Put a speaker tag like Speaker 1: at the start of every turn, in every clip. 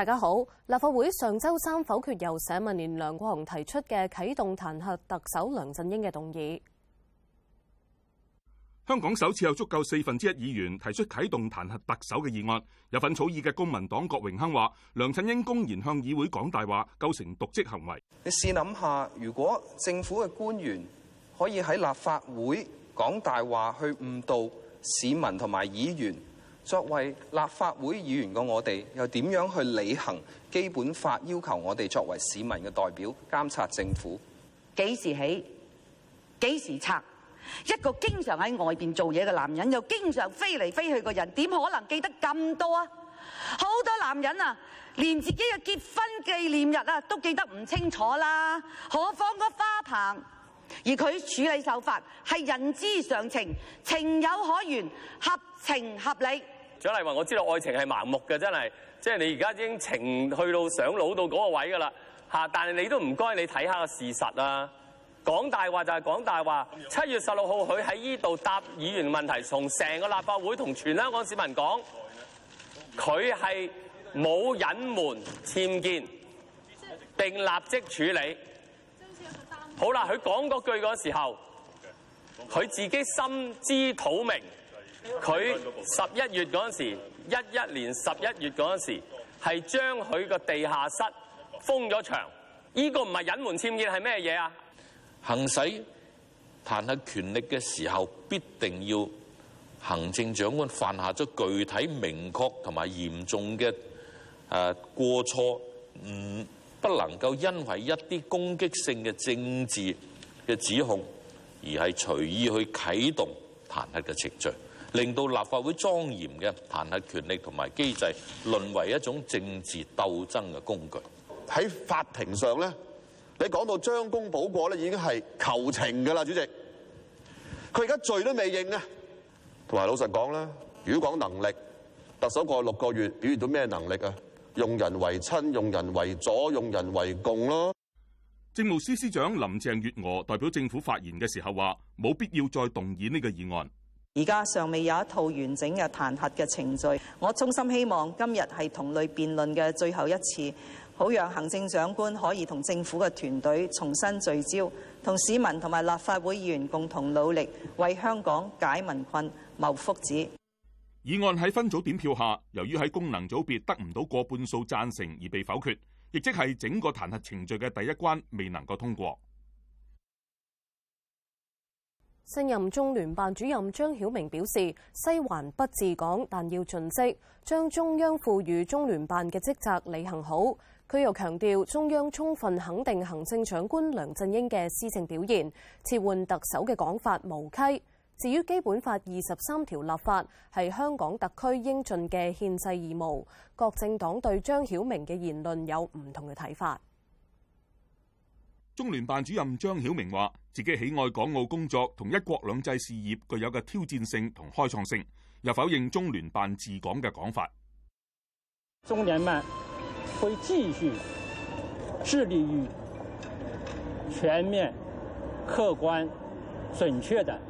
Speaker 1: 大家好，立法會上週三否決由社民連梁國雄提出嘅啟動彈劾特首梁振英嘅動議。
Speaker 2: 香港首次有足夠四分之一議員提出啟動彈劾特首嘅議案。有份草擬嘅公民黨郭榮鏗話：梁振英公然向議會講大話，構
Speaker 3: 成瀆職行為。你試諗下，如果政府嘅官員可以喺立法會講大話去誤導市民同埋議員。作為立法會議員嘅我哋，又點樣去履行基本法要求？我哋作為市民嘅代表監察政府，
Speaker 4: 幾時起？幾時拆？一個經常喺外面做嘢嘅男人，又經常飛嚟飛去嘅人，點可能記得咁多啊？好多男人啊，連自己嘅結婚紀念日啊都記得唔清楚啦，何況個花棚？而佢處理手法係人之常情，情有可原，合情合理。蔣
Speaker 5: 麗芸，我知道愛情係盲目嘅，真係，即係你而家已經情去到上腦到嗰個位㗎啦，嚇！但係你都唔該，你睇下個事實啊，講大話就係講大話。七月十六號，佢喺依度答議員問題，從成個立法會同全香港市民講，佢係冇隱瞞僭建，並立即處理。好啦，佢講嗰句嗰時候，佢自己心知肚明，佢十一月嗰陣時，一一年十一月嗰陣時，係將佢個地下室封咗牆。呢個唔係隱瞞僭建係咩嘢啊？行使彈劾權力嘅時候，必定要行政長官犯下咗具體、明確同埋嚴重嘅誒過錯。嗯。不能夠因為一啲攻擊性嘅政治嘅指控，而係隨意去啟動彈劾嘅程序，令到立法會莊嚴嘅彈劾權力同埋機制，淪為一種政治鬥爭嘅工具。喺法庭上咧，你講到將功補過咧，已經係求情㗎啦，主席。佢而家罪都未認啊，同埋老實講啦，如果講能力，特首過六個月表現到咩能力啊？用人為親，用人為左，用人為
Speaker 2: 共咯。政務司司長林鄭月娥代表政府發言嘅時候話，冇必要再動議呢個議案，
Speaker 4: 而家尚未有一套完整嘅彈劾嘅程序。我衷心希望今日係同類辯論嘅最後一次，好讓行政長官可以同政府嘅團隊重新聚焦，同市民同埋立法會議員共同努力，為香港解民困、謀福祉。
Speaker 2: 議案喺分組點票下，由於喺功能組別得唔到過半數贊成而被否決，亦即係整個彈劾程序嘅第一關未能夠通過。
Speaker 1: 新任中聯辦主任張曉明表示：西環不治港，但要盡職，將中央賦予中聯辦嘅職責履行好。佢又強調，中央充分肯定行政長官梁振英嘅施政表現，撤換特首嘅講法無稽。至於《基本法》二十三條立法係香港特區應盡嘅憲制義務，各政黨對張曉明嘅言論有唔同嘅睇法。
Speaker 2: 中聯辦主任張曉明話：自己喜愛港澳工作同一國兩制事業具有嘅挑戰性同開創性，又否認中聯辦治港嘅講法。
Speaker 6: 中聯辦會繼續致力於全面、客觀、準確的，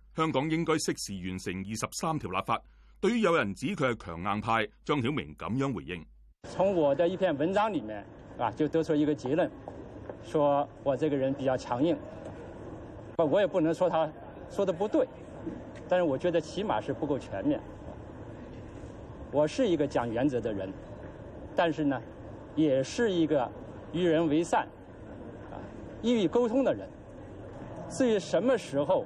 Speaker 2: 香港應該適時完成二十三條立法。對於有人指佢係強硬派，張曉明咁樣回應：
Speaker 6: 從我的一篇文章裏面啊，就得出一個結論，說我這個人比較強硬。我也不能說他說得不對，但是我覺得起碼是不夠全面。我是一個講原則的人，但是呢，也是一個與人為善、啊，易於溝通的人。至於什麼時候，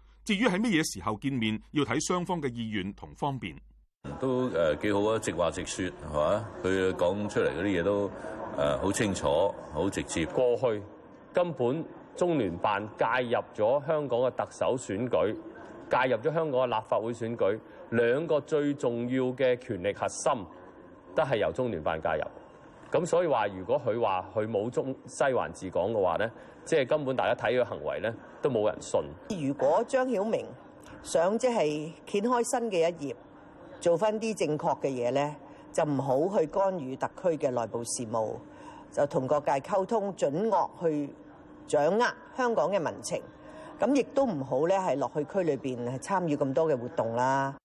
Speaker 2: 至於喺乜嘢時候見面，要睇雙方嘅意願同方便。
Speaker 5: 都誒幾好啊，直話直說係嘛，佢講出嚟嗰啲嘢都誒好清楚，好直接。過去根本中聯辦介入咗香港嘅特首選舉，介入咗香港嘅立法會選舉，兩個最重要嘅權力核心，都係由中聯辦介入。咁所以話，如果佢話佢冇中西環治港嘅話咧，即係根本大家睇佢嘅行為咧，都冇人信。如果張曉明想即係掀開新嘅一頁，做翻啲正確嘅嘢咧，就唔好去干預特區嘅內部事務，就同各界溝通，準確去掌握香港嘅民情。咁亦都唔好咧，係落去區裏邊係
Speaker 4: 參與咁多嘅活動啦。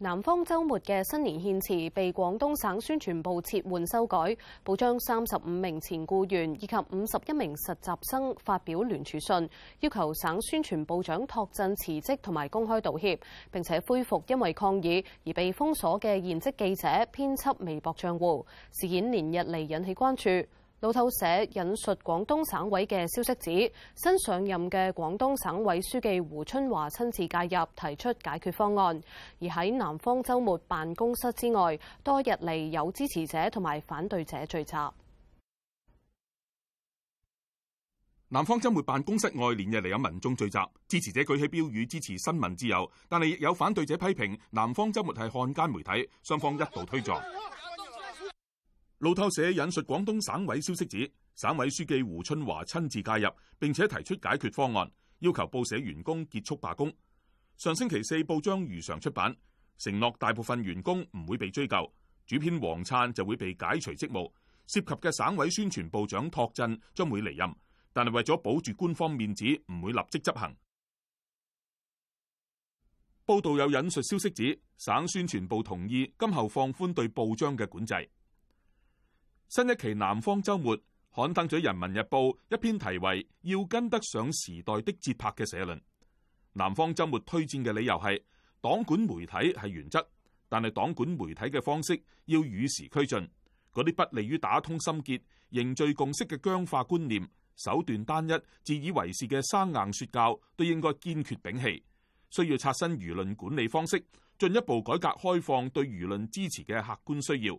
Speaker 1: 南方周末嘅新年獻辭被廣東省宣傳部撤換修改，報章三十五名前僱員以及五十一名實習生發表聯署信，要求省宣傳部長庹震辭職同埋公開道歉，並且恢復因為抗議而被封鎖嘅現職記者編輯微博賬戶。事件連日嚟引起關注。路透社引述廣東省委嘅消息指，新上任嘅廣東省委書記胡春華親自介入，提出解決方案。而喺南方周末辦公室之外，多日嚟，有支持者同埋反對者聚集。
Speaker 2: 南方周末辦公室外連日嚟有民眾聚集，支持者舉起標語支持新聞自由，但係亦有反對者批評南方周末係漢奸媒體，雙方一度推撞。路透社引述廣東省委消息指，省委書記胡春華親自介入，並且提出解決方案，要求報社員工結束罷工。上星期四報章如常出版，承諾大部分員工唔會被追究。主編黃燦就會被解除職務，涉及嘅省委宣傳部長拓振將會離任，但係為咗保住官方面子，唔會立即執行。報道有引述消息指，省宣傳部同意今後放寬對報章嘅管制。新一期《南方週末》刊登咗《人民日報》一篇題為“要跟得上時代的節拍”嘅社論，《南方週末》推薦嘅理由係：黨管媒體係原則，但係黨管媒體嘅方式要與時俱進。嗰啲不利於打通心結、凝聚共識嘅僵化觀念、手段單一、自以為是嘅生硬說教，都應該堅決摒棄。需要刷新輿論管理方式，進一步改革開放對輿論支持嘅客觀需要。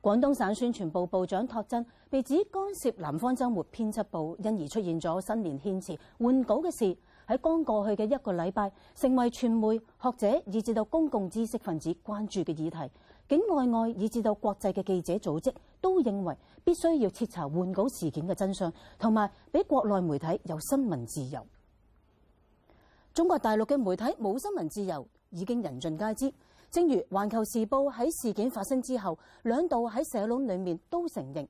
Speaker 4: 廣東省宣傳部部長托真被指干涉南方周末編輯部，因而出現咗新年獻辭換稿嘅事，喺剛過去嘅一個禮拜，成為傳媒學者以至到公共知識分子關注嘅議題。境內外，外以至到國際嘅記者組織都認為，必須要徹查換稿事件嘅真相，同埋俾國內媒體有新聞自由。中國大陸嘅媒體冇新聞自由，已經人盡皆知。正如《環球時報》喺事件發生之後兩度喺社論裏面都承認，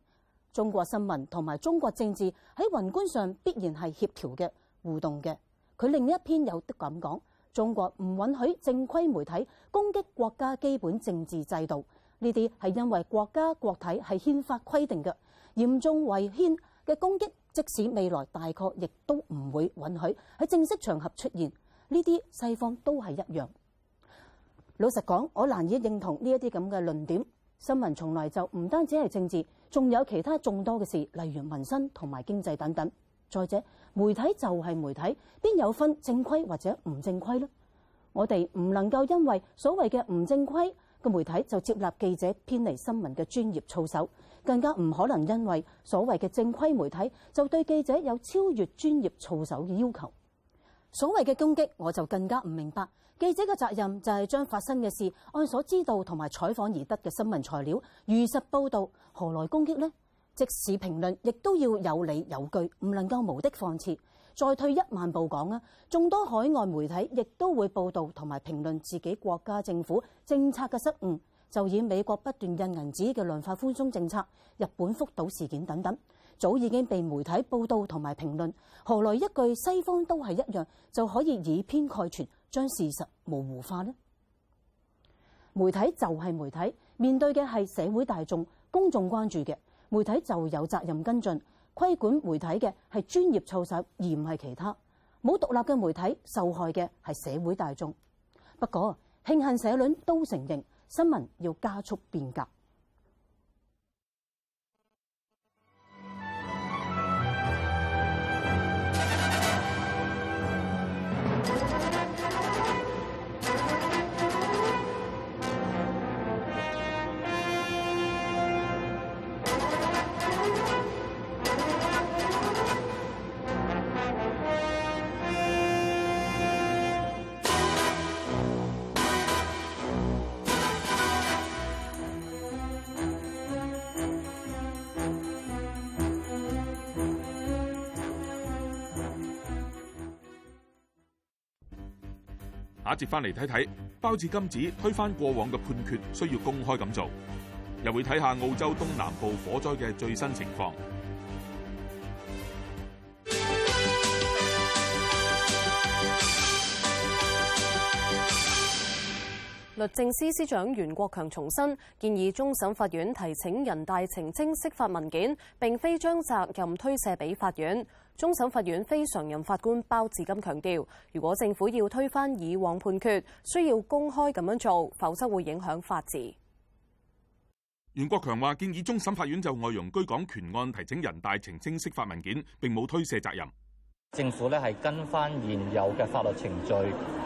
Speaker 4: 中國新聞同埋中國政治喺宏觀上必然係協調嘅互動嘅。佢另一篇有啲咁講：中國唔允許正規媒體攻擊國家基本政治制度，呢啲係因為國家國體係憲法規定嘅，嚴重違憲嘅攻擊，即使未來大概亦都唔會允許喺正式場合出現。呢啲西方都係一樣。老實講，我難以認同呢一啲咁嘅論點。新聞從來就唔單止係政治，仲有其他眾多嘅事，例如民生同埋經濟等等。再者，媒體就係媒體，邊有分正規或者唔正規呢？我哋唔能夠因為所謂嘅唔正規個媒體就接納記者偏離新聞嘅專業操守，更加唔可能因為所謂嘅正規媒體就對記者有超越專業操守嘅要求。所謂嘅攻擊，我就更加唔明白。記者嘅責任就係將發生嘅事按所知道同埋採訪而得嘅新聞材料，如實報導，何來攻擊呢？即使評論，亦都要有理有據，唔能夠無的放矢。再退一萬步講啊，眾多海外媒體亦都會報導同埋評論自己國家政府政策嘅失誤，就以美國不斷印銀紙嘅量化寬鬆政策、日本福島事件等等。早已經被媒體報道同埋評論，何來一句西方都係一樣就可以以偏概全，將事實模糊化呢？媒體就係媒體，面對嘅係社會大眾，公眾關注嘅媒體就有責任跟進。規管媒體嘅係專業操守，而唔係其他。冇獨立嘅媒體，受害嘅係社會大眾。不過，慶幸社論都承認新聞要加速變革。
Speaker 2: 下一節翻嚟，睇睇，包致金指推翻過往嘅判決，需要公開咁做，又會睇下澳洲東南部火災嘅最新情況。
Speaker 1: 律政司司、司長袁國強重申，建議終審法院提請人大澄清釋法文件，並非將責任推卸俾法院。終審法院非常任法官包致金強調，如果政府要推翻以往判決，需要公開咁樣做，否則會影響法治。
Speaker 2: 袁國強話：建議終審法院就外傭居港權案提請人大澄清釋法文件，并冇推卸責任。
Speaker 3: 政府咧，係跟翻現有嘅法律程序，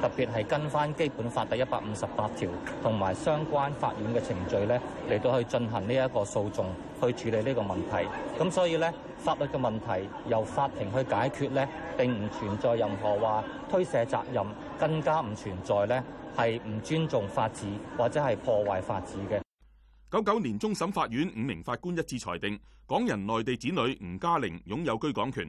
Speaker 3: 特別係跟翻《基本法》第一百五十八條同埋相關法院嘅程序咧，嚟到去進行呢一個訴訟，去處理呢個問題。咁所以咧，法律嘅問題由法庭去解決咧，並唔存在任何話推卸責任，更加唔存在咧係唔尊重法治或者係破壞法治嘅。九九年終審法院五
Speaker 2: 名法官一致裁定，港人內地子女吳嘉玲擁有居港權。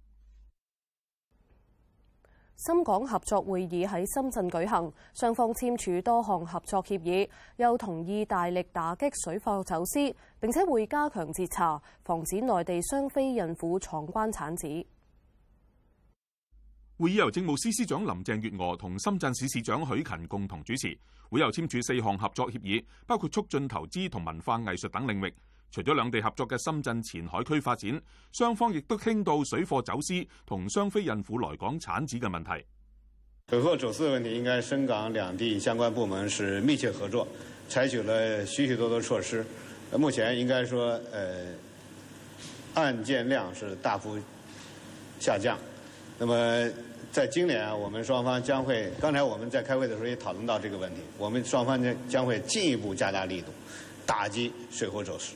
Speaker 1: 深港合作會議喺深圳舉行，雙方簽署多項合作協議，又同意大力打擊水貨走私，並且會加強截查，防止內地雙非孕婦闖關產子。
Speaker 2: 會議由政務司司長林鄭月娥同深圳市市長許勤共同主持，會又簽署四項合作協議，包括促進投資同文化藝術等領域。除咗兩地合作嘅深圳前海區發展，雙方亦都傾到水貨走私同雙非孕婦來港產子嘅問題。
Speaker 3: 水貨走私嘅問題應該深港兩地相關部門是密切合作，採取了許許多多措施。目前應該說，呃，案件量是大幅下降。那麼在今年啊，我們雙方將會，剛才我們在開會的時候也討論到這個問題，我們雙方將將會進一步加大力度，打擊水貨走私。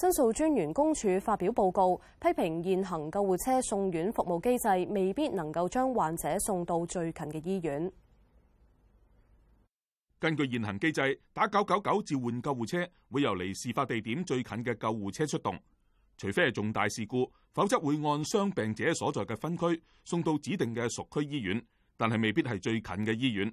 Speaker 1: 申訴專員公署發表報告，批評現行救護車送院服務機制未必能夠將患者送到最近嘅醫院。
Speaker 2: 根據現行機制，打九九九召喚救護車會由離事發地點最近嘅救護車出動，除非係重大事故，否則會按傷病者所在嘅分區送到指定嘅屬區醫院，但係未必係最近嘅醫院。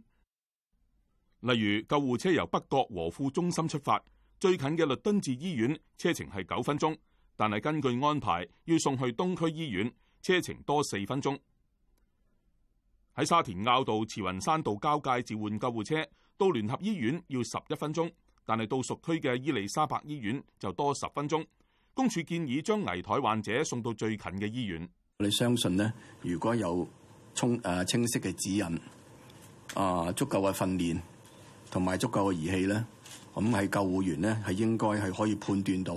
Speaker 2: 例如，救護車由北角和富中心出發。最近嘅律敦治醫院車程係九分鐘，但係根據安排要送去東區醫院，車程多四分鐘。喺沙田坳道、慈雲山道交界召喚救護車，到聯合醫院要十一分鐘，但係到屬區嘅伊利沙伯醫院就多十分鐘。公署建議將危殆患者送到最近嘅醫院。
Speaker 5: 我哋相信呢，如果有充誒清晰嘅指引，啊足夠嘅訓練同埋足夠嘅儀器咧。咁係救護員呢，係應該係可以判斷到。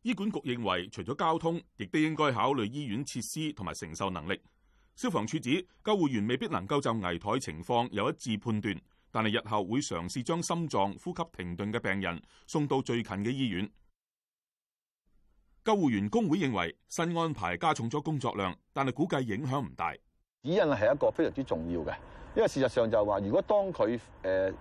Speaker 2: 醫管局認為，除咗交通，亦都應該考慮醫院設施同埋承受能力。消防處指，救護員未必能夠就危殆情況有一致判斷，但係日後會嘗試將心臟呼吸停頓嘅病人送到最近嘅醫院。救護員工會認為，新安排加重咗工作量，但係估計影響唔大。
Speaker 5: 指引係一個非常之重要嘅，因為事實上就話，如果當佢誒。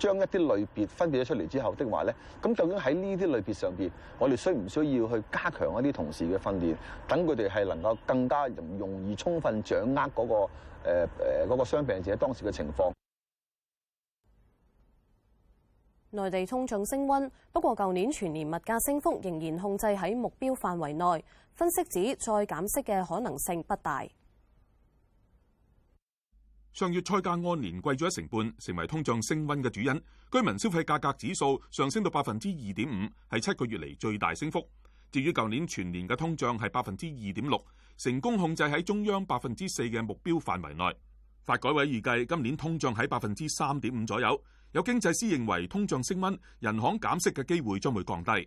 Speaker 5: 將一啲類別分別咗出嚟之後的話咧，咁究竟喺呢啲類別上邊，我哋需唔需要去加強一啲同事嘅訓練，等佢哋係能夠更加容容易充分掌握嗰個誒誒嗰個傷病者當時嘅情況？
Speaker 1: 內地通脹升溫，不過舊年全年物價升幅仍然控制喺目標範圍內。分析指再減息嘅可能性不大。
Speaker 2: 上月菜價按年貴咗一成半，成為通脹升温嘅主因。居民消費價格指數上升到百分之二點五，係七個月嚟最大升幅。至於舊年全年嘅通脹係百分之二點六，成功控制喺中央百分之四嘅目標範圍內。發改委預計今年通脹喺百分之三點五左右。有經濟師認為通脹升温，人行減息嘅機會將會降低。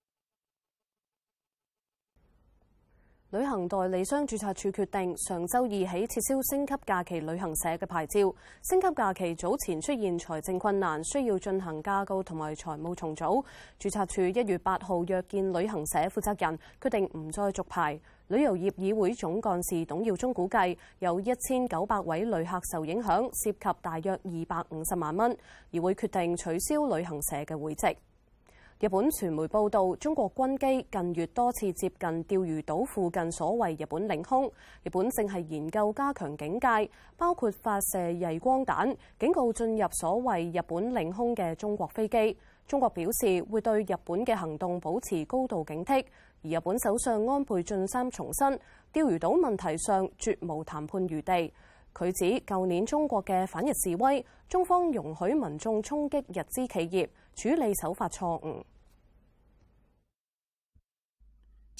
Speaker 1: 旅行代理商註冊處決定，上週二起撤銷星級假期旅行社嘅牌照。星級假期早前出現財政困難，需要進行架構同埋財務重組。註冊處一月八號約見旅行社負責人，決定唔再續牌。旅遊業議會總幹事董耀中估計，有一千九百位旅客受影響，涉及大約二百五十萬蚊，而會決定取消旅行社嘅會籍。日本傳媒報道，中國軍機近月多次接近釣魚島附近所謂日本領空，日本正係研究加強警戒，包括發射曳光彈警告進入所謂日本領空嘅中國飛機。中國表示會對日本嘅行動保持高度警惕。而日本首相安倍晉三重申，釣魚島問題上絕無談判餘地。佢指舊年中國嘅反日示威，中方容許民眾衝擊日資企業，處理手法錯誤。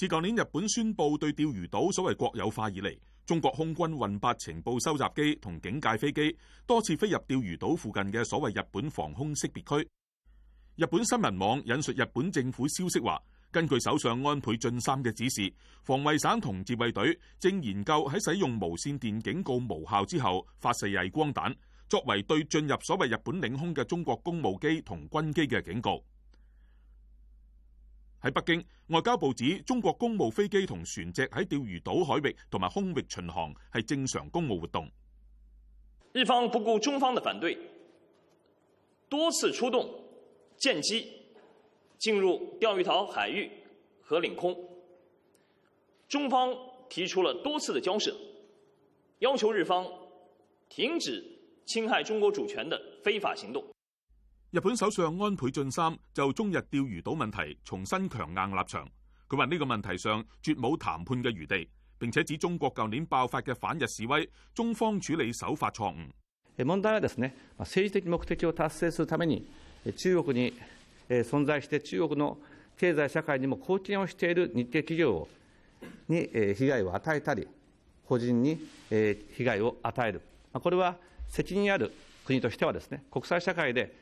Speaker 2: 自舊年日本宣布對釣魚島所謂國有化以嚟，中國空軍運八情報收集機同警戒飛機多次飛入釣魚島附近嘅所謂日本防空識別區。日本新聞網引述日本政府消息話，根據首相安倍晉三嘅指示，防衛省同自衛隊正研究喺使用無線電警告無效之後發射曳光彈，作為對進入所謂日本領空嘅中國公務機同軍機嘅警告。喺北京，外交部指中國公務飛機同船隻喺釣魚島海域同埋空域巡航係正常公務活動。日方不顧中方的反對，
Speaker 5: 多次出動艦機進入釣魚島海域和領空。中方提出了多次的交涉，要求日方停止侵害中國主權的非法行動。
Speaker 2: 日本首相安倍晉三、就中日釣魚島問題、重新強硬立場。佢話呢個問題上絕冇談判嘅餘地。並且指中國舊年爆發的反日示威
Speaker 3: 中方處理手法錯誤。問題はですね政治的目的を達成するために、中國に存在して中國の経済社會にも貢獻をしている日係企業に被害を與えたり、個人に被害を與える。これは責任ある國としてはですね、國際社會で、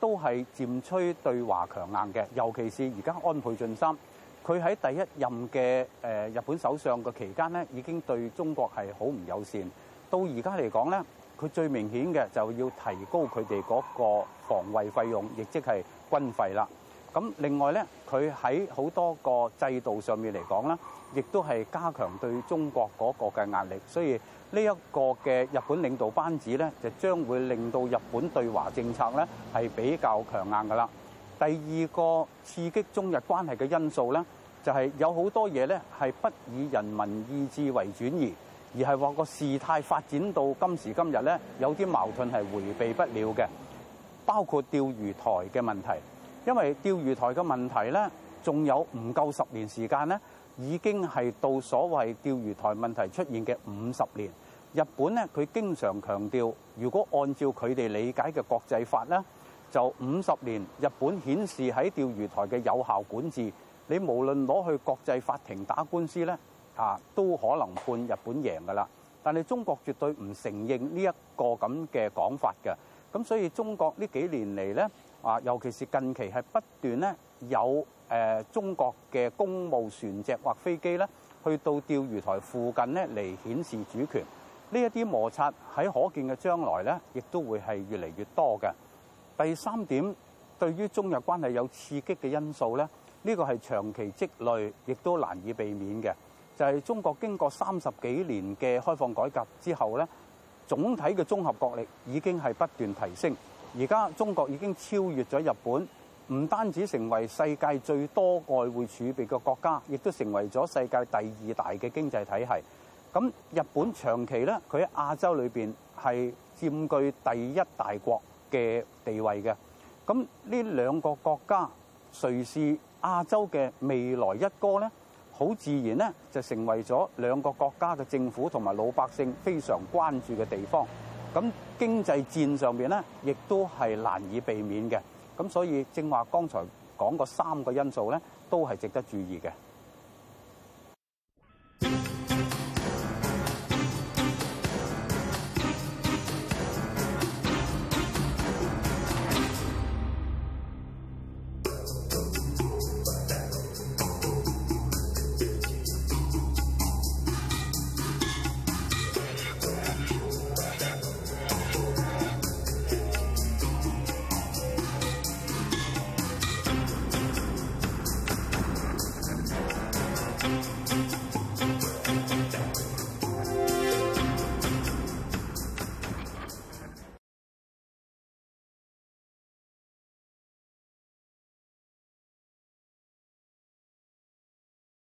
Speaker 3: 都係漸趨對華強硬嘅，尤其是而家安倍晉三，佢喺第一任嘅誒日本首相嘅期間呢，已經對中國係好唔友善。到而家嚟講呢，佢最明顯嘅就要提高佢哋嗰個防衛費用，亦即係軍費啦。咁另外呢，佢喺好多個制度上面嚟講呢，亦都係加強對中國嗰個嘅壓力，所以，呢一個嘅日本領導班子咧，就將會令到日本對華政策咧係比較強硬噶啦。第二個刺激中日關係嘅因素咧，就係有好多嘢咧係不以人民意志為轉移，而係話個事態發展到今時今日咧，有啲矛盾係回避不了嘅，包括釣魚台嘅問題，因為釣魚台嘅問題咧，仲有唔夠十年時間咧。已經係到所謂釣魚台問題出現嘅五十年，日本呢佢經常強調，如果按照佢哋理解嘅國際法呢，就五十年日本顯示喺釣魚台嘅有效管治，你無論攞去國際法庭打官司呢，啊都可能判日本贏㗎啦。但係中國絕對唔承認呢一個咁嘅講法嘅，咁所以中國呢幾年嚟呢，啊尤其是近期係不斷呢有。誒、呃、中國嘅公務船隻或飛機咧，去到釣魚台附近咧，嚟顯示主權，呢一啲摩擦喺可見嘅將來咧，亦都會係越嚟越多嘅。第三點，對於中日關係有刺激嘅因素咧，呢、這個係長期積累，亦都難以避免嘅。就係、是、中國經過三十幾年嘅開放改革之後咧，總體嘅綜合國力已經係不斷提升，而家中國已經超越咗日本。唔單止成為世界最多外匯儲備嘅國家，亦都成為咗世界第二大嘅經濟體系。咁日本長期咧，佢喺亞洲裏邊係佔據第一大國嘅地位嘅。咁呢兩個國家誰是亞洲嘅未來一哥呢？好自然呢，就成為咗兩個國家嘅政府同埋老百姓非常關注嘅地方。咁經濟戰上邊呢，亦都係難以避免嘅。咁所以正話剛才講嗰三個因素咧，都係值得注意嘅。